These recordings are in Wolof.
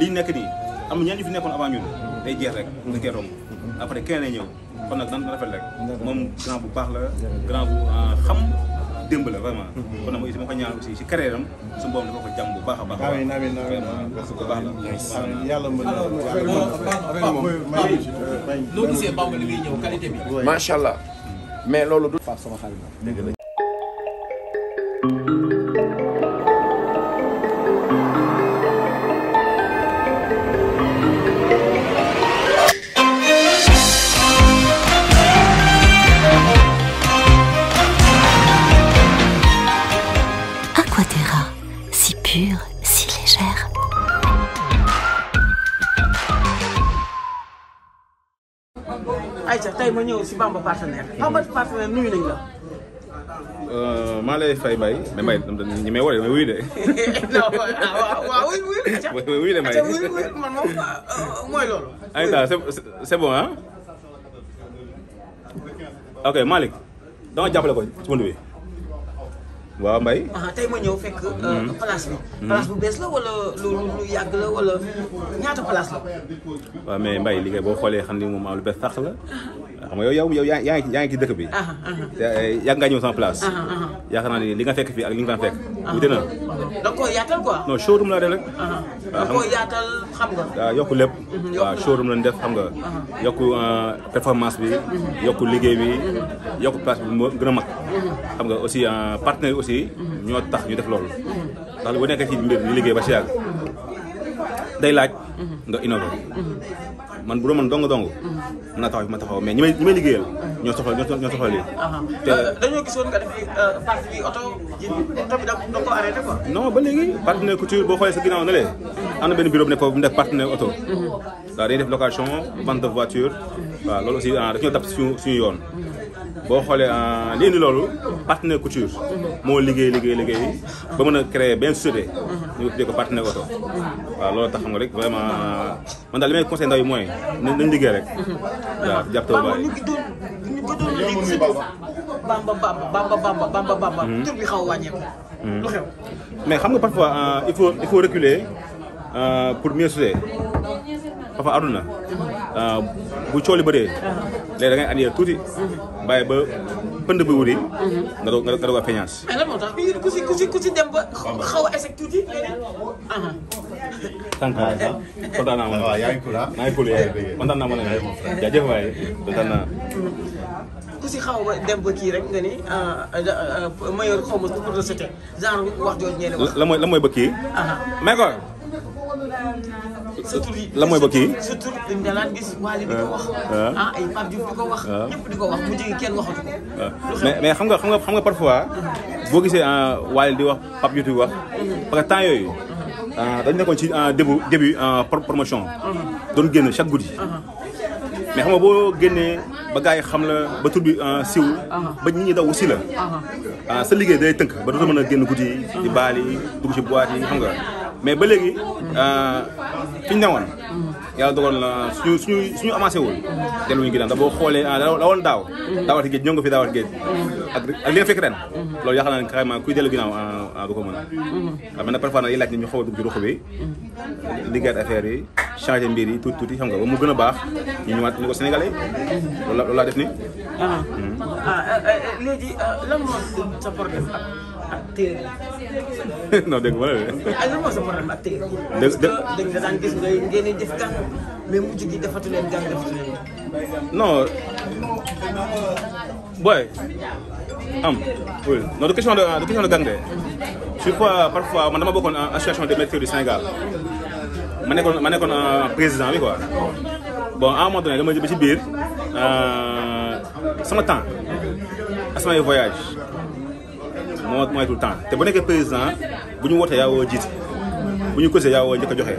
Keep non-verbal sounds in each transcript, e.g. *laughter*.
liñ nekk nii am ñeen ñu fi nekkoon avant ñun day jeex rek nga koy romb après kenn ñëw kon nag nan rafet rek moom grand bu baax la grand bu euh, xam démb la vraiment mm-hmm. kon nag aussi ko ñaan si carrière am suñu borom dafa bu baax a baax amiin amiin parce que yàlla mën na loo euh, gisee allah mais loolu du Pape sama xarit la dëgg la Bamba partenaire Bamba partenaire nuyu nañ la. Euh, maa lay fay Mbaye. mais Mbaye ñi may woote wuyu de. *laughs* non waaw waaw wuyu wuyu. *laughs* wuyu de Mbaye man moom euh, mooy loolu. Anita c'est bon ah. ok Malick dama jàppale ko ci ma waaw mbay tey ma ñëw fekk. Euh, hmm. place bi. place bu bees la wala lu lu yàgg la wala ñaata place la. waaw mais Mbaye liggéey boo xoolee xam ni moom lu bees sax la. xam yow yow yaa ngi yaa dëkk bi. Eh, yàgg nga ñëw yaakaar naa ne li nga fekk fii ak li nga koo yaatal quoi. non laa def rek. waaw yokk lépp. Mhm, waaw showroom lañ def xam nga. yokk euh, performance bi. Mhm. yokk liggéey bi. Mhm. yokk place bi gën a mag. xam nga aussi euh, partenaires aussi ñoo tax ñu def lool ndax bu nekk ci mbir ñu liggéey ba si yàgg day laaj nga innové man bu man dong dong mën naa taxaw fi ma taxaw mais ñi may ñi may liggéeyal ñoo soxla ñoo euh, ba léegi partenaire couture boo xoolee sa ginnaaw na lee am na benn bureau bu nekk foofu bu def partenaire oto mhm. def location vente de voiture waaw loolu aussi ah, daf suñu yoon bon je indi partenaire couture ba créer bien sûr ñu suis ko partenaire vraiment ah, man conseil ndaw yi mooy mais parfois ah, il faut il faut reculer ah, pour mieux parfois Aruna. bu cooli bëree uh-huh. léegi da ngay andi tuuti uh-huh. bàyyi ba pënd uh-huh. nga doog nga doog a feñaas ku si dem ba xaw a tuuti tànkaay sax ah. kontaan naa waaw yaa ngi cool ah maa ngi cool yaa kontaan naa ku si xaw dem ba kii rek nga ni ah, ah, mayor xaw ma pour de sauté genre wax jooju ñee la la mooy ba kii mais quoi surtout la mooy ba kii. surtout dañu gis Wally di ko wax. mais xam nga xam nga xam nga parfois. boo gisee ah, Wally di wax Pape Diouf di que temps yooyu. Ah, dañu nekkoon ci ah, début début promotion. Uh-huh. doon génn chaque guddi. Uh-huh. mais xam nga boo génnee ba gars yi xam la ba tur bi siw uh-huh. ba nit ñi daw aussi la sa liggéey day tënk ba dootoo mën a génn guddi yi di baal yi ci boîte xam nga mais ba léegi fi ñu ya yàlla dogal na suñu suñu suñu avancé wul delluñu ginnaaw da boo xoolee la woon daaw daawati géej ñoo nga fi daawati géej ak ak li nga fekk ren loolu yaakaar naa carrément kuy dellu ginnaaw du ko mën a na parfois nag yi laaj ne ñu xaw a dugg ci ruq bi liggéeyat affaire yi changé mbir yi tuuti tuuti xam nga mu gën baax ñu ñëwaat ni ko sénégalais loolu laa def ni lan sa problème ak non daan def gàng mais mujj gi defatu booy am du question de du question de gang de je parfois man bokkoon en association des médecins du Sénégal ma nekkoon ma nekkoon président bi quoi bon à un moment donné dama jëm ci biir euh, sama temps ak voyage moo mooy tout le temps te bu nekkee président bu ñu wootee yaa woo jiite bu ñu causé yaa a joxe.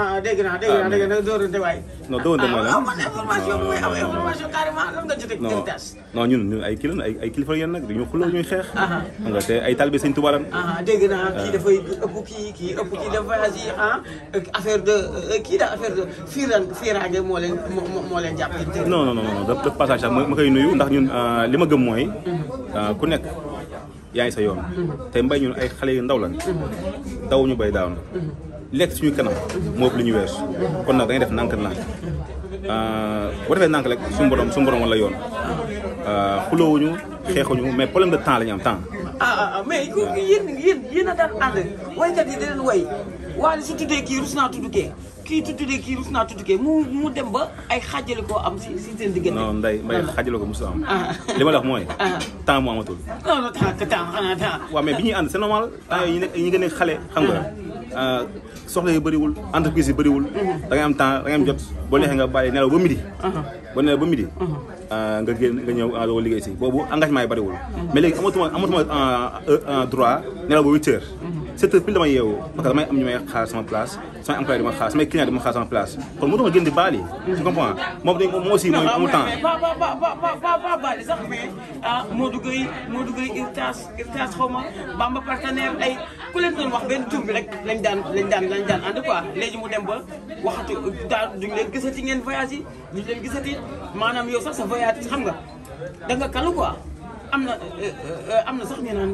Ah, ah dégg naa dégg naa ah, dégg naa dóorante waaye. non dóorante mooy ah, lan man information mooy am information carrément lan nga jotee. non non ñun ñun ay kilifa ay ay kilifa yéen nag dañoo xuloo ñuy xeex. xam nga te ay talibé sëñ Tuubaa lan. dégg naa kii dafay ëpp kii kii ëpp kii dafa voyage yi ah affaire de euh, kii da affaire de fiiran fiiraange moo leen moo moo leen jàpp. non non non daf daf passage sax ma koy nuyu ndax ñun euh, li ma gëm mooy mm-hmm. euh, ku nekk. yaa ngi sa yoon. Mm-hmm. te mbay ñun ay xale yu ndaw lañ. Mm-hmm. daw ñu bay daaw lekk suñu kanam moo ëpp lu ñu weesu kon nag da def nànk nànk euh, boo defee nànk rek suñu borom suñu borom wala yoon euh, xuloowuñu xeexuñu mais problème de temps la am temps. ah, ah, ah a daan ànd waykat yi da leen way waaye su tuddee kii rus naa tudd kee kii tuddee mu mu dem ba ay xaajale ko am si si seen diggante. non nday mbay xaajale ko mosul am. Ah. li ma la mooy. temps moo amatul. non non temps temps xanaa temps. waaw mais bi ñuy ànd c'est normal temps ñu nekk a xale xam Euh, soxla yu bëriwul entreprise yi bëriwul da ngay am temps da ngay am jot boo neexee nga bàyyi nelaw ba midi uh-huh. boo nelaw ba midi uh-huh. euh, ga génn nga ñëw doo liggéey si boobu engagement yi bëriwul uh-huh. mais léegi amatuma amatuma euh, droit nelaw ba huit sept heures pile dama yeewu parce que damay am ñu may xaar sama place samay employé di ma xaar sama place kon moo tax ma gën di baali tu comprends moom dañ moom aussi mooy amul temps ba ah, ma Bamba ay ku leen doon wax benn tur bi rek lañ daan lañ daan lañ daan ànd quoi léegi mu dem ba waxatu daa duñu leen gisati ngeen voyage yi leen gisati maanaam yow sax sa voyage xam nga da nga kalu quoi am na euh, euh, am na sax ñu naan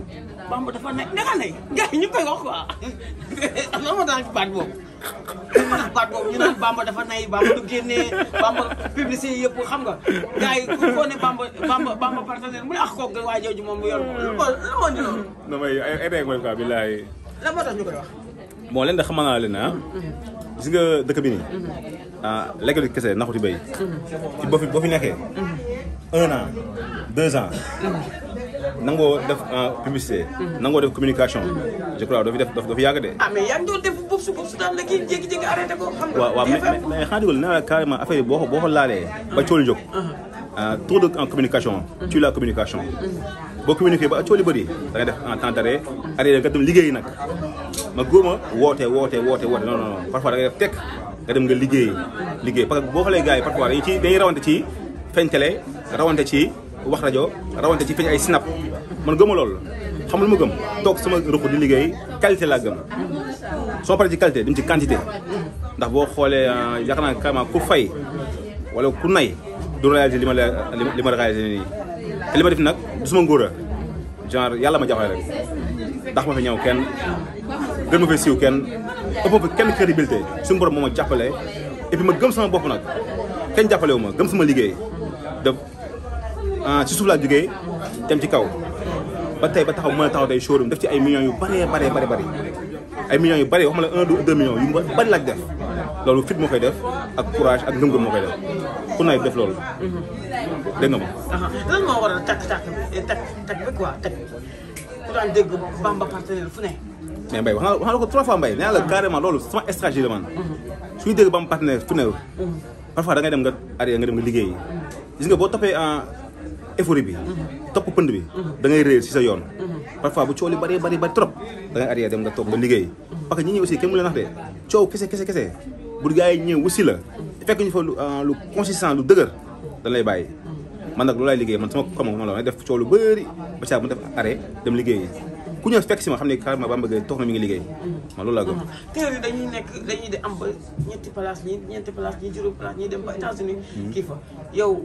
Bamba dafa ne danga ne gars ñu koy wax quoi *laughs* lan moo tax baat moo dafa nay Bamba du génnee Bamba publicité yëpp xam nga gars yi ku ko ne Bamba Bamba Bamba partenaire mu ne ah kooku waa jooju moom mu yor ko lan moo ñu loolu. non mais ay ay quoi billaay. lan moo tax ñu koy wax. bon leen de xamal naa leen ah. gis nga dëkk bi nii. Mhm. ah lekk kese naxuti bay. Mhm. boo fi nekkee. Mhm. un an deux ans nangoo def euh, publicité. nangoo def communication. je crois doo fi def doo fi yàgg de. ah mais yaa ngi doon def bubsu bubsu daan na kii jékki-jékki ko. waaw waaw mais naa carrément affaire boo ko boo ko laalee. ba coolu jóg. Uh-huh. Euh, trop de en communication. Uh-huh. tu la communication. Uh-huh. boo communiqué ba coolu bëri da ngay def en temps d'arrêt. arrêté nga dem liggéeyi nag ma góoma woote woote woote woote non non non parfois da ngay def tekk nga dem nga liggéey liggéey parce que boo xoolee gars yi parfois dañuy ci. feeñ télé rawante ci wax radio rawante ci feeñ ay snap man gëma loolu xam lu ma gëm toog sama ruq di liggéey qualité la gëm so paré ci qualité dim ci quantité ndax bo xolé ah, yaakaar naa carrément ku fay wala ku nay du réaliser lima lima réaliser ni lima def nak du suma ngóora genre yalla ma joxee rek ndax ma fi ñew kenn gën ma fi siiw kenn ëpp ma fi kenn crédibilité suñu borom moo ma jàppale et puis ma gëm sama bopp nak kenn jappalé wu ma gëm sama liggéey Ah, ci suuf laa jógee dem ci kaw ba tey ba taxaw mën a taxaw tey showroom def ci ay millions yu bëree bëree bëri bëri ay millions yu bëri wax ma la un deux millions yu bëri laaj def loolu fit moo koy def ak courage ak ngëm-ngëm moo koy def ku nawet def loolu dégg nga ma uh-huh. lan moo waral takk takk takk takk bi quoi takk ku daan dégg Bamba partenaire fu ne mais Mbaye wax naa wax naa ko trois fois Mbaye nee naa la uh-huh. carrément loolu sama stratégie la man uh-huh. suñu dégg Bamba partenaire fu ne parfois da ngay dem nga arrêté nga dem nga liggéey gis nga boo toppee effort bi top pënd bi da ngay réer si sa yoon mhm. parfois bu coow bari bari bari trop da ngay arrière dem nga toog nga liggéey parce que ñi ñi aussi kenn leen nax de coow kese kese kese bu gars yi ñëw wussi la fekk ñu fa euh, lu consistant lu dëgër dañ lay bàyyi man nag loolu laay liggéey man sama comme man la def coow lu bëri ba caa mu def arrêt dem liggéey ku ñëw fekk si ma xam ne carrément Bamba Gueye toog na mi ngi liggéey man loolu laa gëm mhm. téere yi dañuy nekk dañuy di am ba ñetti place ñi ñeenti place ñi juróom place ñi dem ba États-Unis mhm. kii yow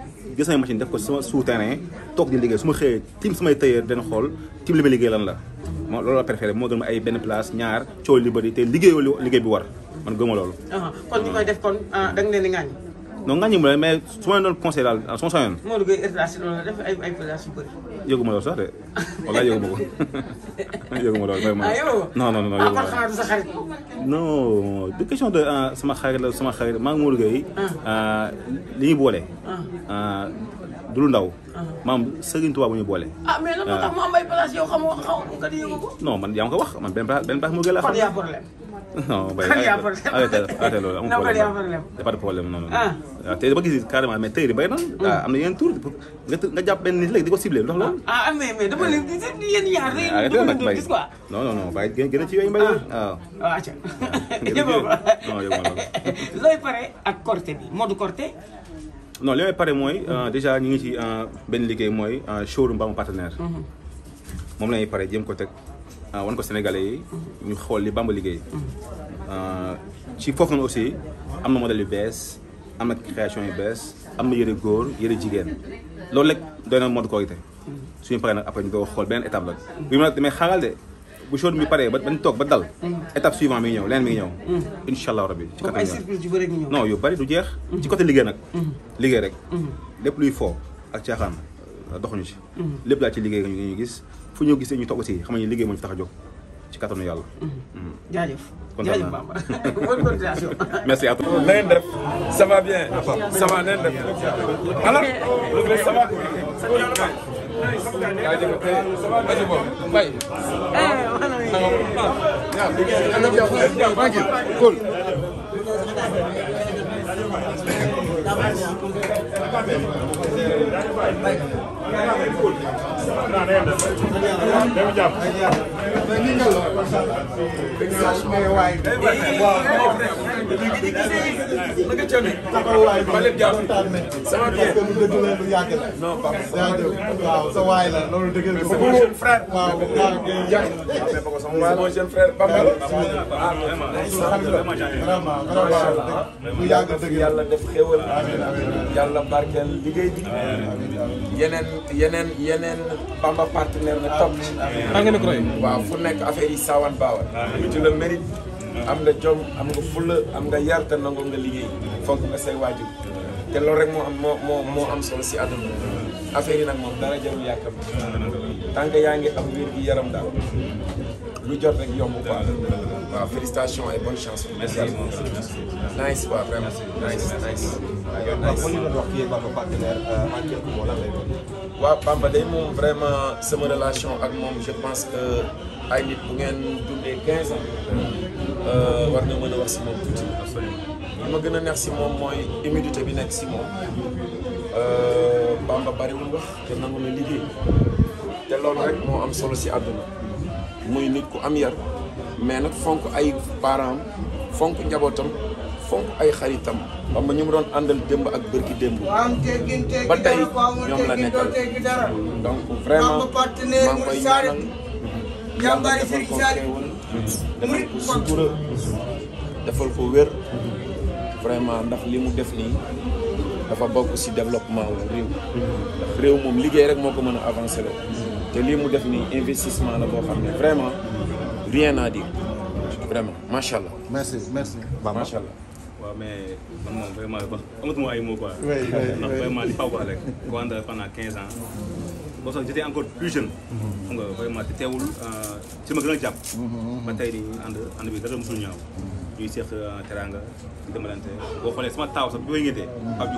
jël samay machine def ko sama sous toog di liggéey su ma xëyee tim samay tailleur den xool tim li may liggéey lan la moo loolu la préféré moo gën ay benn place ñaar coow li bëri te liggéeyoo liggéey bi war man gëma loolu ah, kon ñu koy def kon ah, da nga leen di donc nga ñu mu mais su ma doon conseil daal su ma soñoon. Modou Gueye RTS loolu la ko yëgu ma loolu vraiment. non du question de sama xarit la sama xarit maa ngi Modou Gueye. boole. dulu ndaw. maam Serigne Touba bu ñu boole. ah mais lan moo tax mu man yaa ko wax man benn place benn place Modou xam. non bay arrêté loolu amul problème pas de problème non non waaw tey dama gis carrément mais tey bay na waaw am na yeneen tour nga jàpp benn nit léegi di ko ciblé ndax loolu ah mais mais dama leen yéen ñaar rek gis quoi non non non bàyyi gën a ci yooyu mbay waaw waaw acca yëgoo non yëgoo looy pare ak corté bi mode corté non li may pare mooy déjà ñu ngi ci benn liggéey mooy showroom ba mu partenaire moom la ñuy pare jëm ko teg Euh, wan ko Sénégalais yi ñu xool li Bamba liggéey euh, ci foofu noonu aussi am na modèle yu bees am na création yu bees am na yëre góor yëre jigéen loolu rek doy na mode korité suñu paree nag après ñu doon xool beneen étape la bi ma nag damay de bu show bi paree ba bañ toog ba dal étape suivante mi ngi ñëw leneen mi ngi ñëw incha allah rabbi ci côté non yu bari du jeex ci côté liggéey nag mm-hmm. liggéey rek mm-hmm. lépp luy fo ak caaxaan doxuñu ci mm-hmm. lépp laa ci liggéey ñu fu gisee ñu toog aussi xam nga liggéey moo ñu tax ci kattanu yàlla. Mm-hmm. jaajëf *laughs* *laughs* waaw a sa waay la loolu dëgg la. waaw jeune frère. waaw waaw jeune frère Bambal. vraiment vraiment bu yàgg dëgg yàlla def xéwal. yàlla barkeel liggéey bi. yeneen yeneen yeneen Bamba partenaire na topp ci. waaw fu nekk affaire yi saawan baawal. ci le mérite. am na jom am nga fulla am nga yar te nangoo nga liggéey fonk nga say waajur te loolu rek moo am moo moo moo am solo si àdduna affaire yi nag moom dara jarul yàkkam tant que yaa ngi am wér gi yaram daal lu jor rek yomb quoi waaw félicitations et bonne chance. merci nice quoi vraiment nice nice. Euh, waaw Bamba day moom vraiment sama relation ak moom je pense que. ay nit bu ngeen dundee 15 ans war nga mën a wax si moom tuuti li ma gën a neex si moom mooy humidité eh, bi nekk si moom Bamba bariwul wax te nangu na liggéey te loolu rek moo am solo si àdduna muy nit ku am yar mais nag fonk ay parents fonk njabootam fonk ay xaritam xam nga ñu mu doon àndal démb ak bërki démb ba tey ñoom la nekkal donc vraiment maa ngi koy jàmbaari Serigne Saliou murit sutura defal ko wér vraiment ndax li mu def nii dafa bokk si développement wu réew moom liggéey rek moo ko mën a avancer la te li mu def nii investissement la boo xam ne vraiment rien à dire vraiment macha allah. merci merci allah. waaw mais man moom vraiment amatuma ay mots quoi. ndax vraiment li Pape wax rek. ko àndal boo sax j'étais encore plus jeune. xam nga ma te teewul euh, ci ma gën a jàpp. Mm-hmm. ba tey nii ànd ànd bi dara mosul ñaaw. ñuy seq euh, teraanga di demalante boo xoolee sama taaw sax bi may ngéntee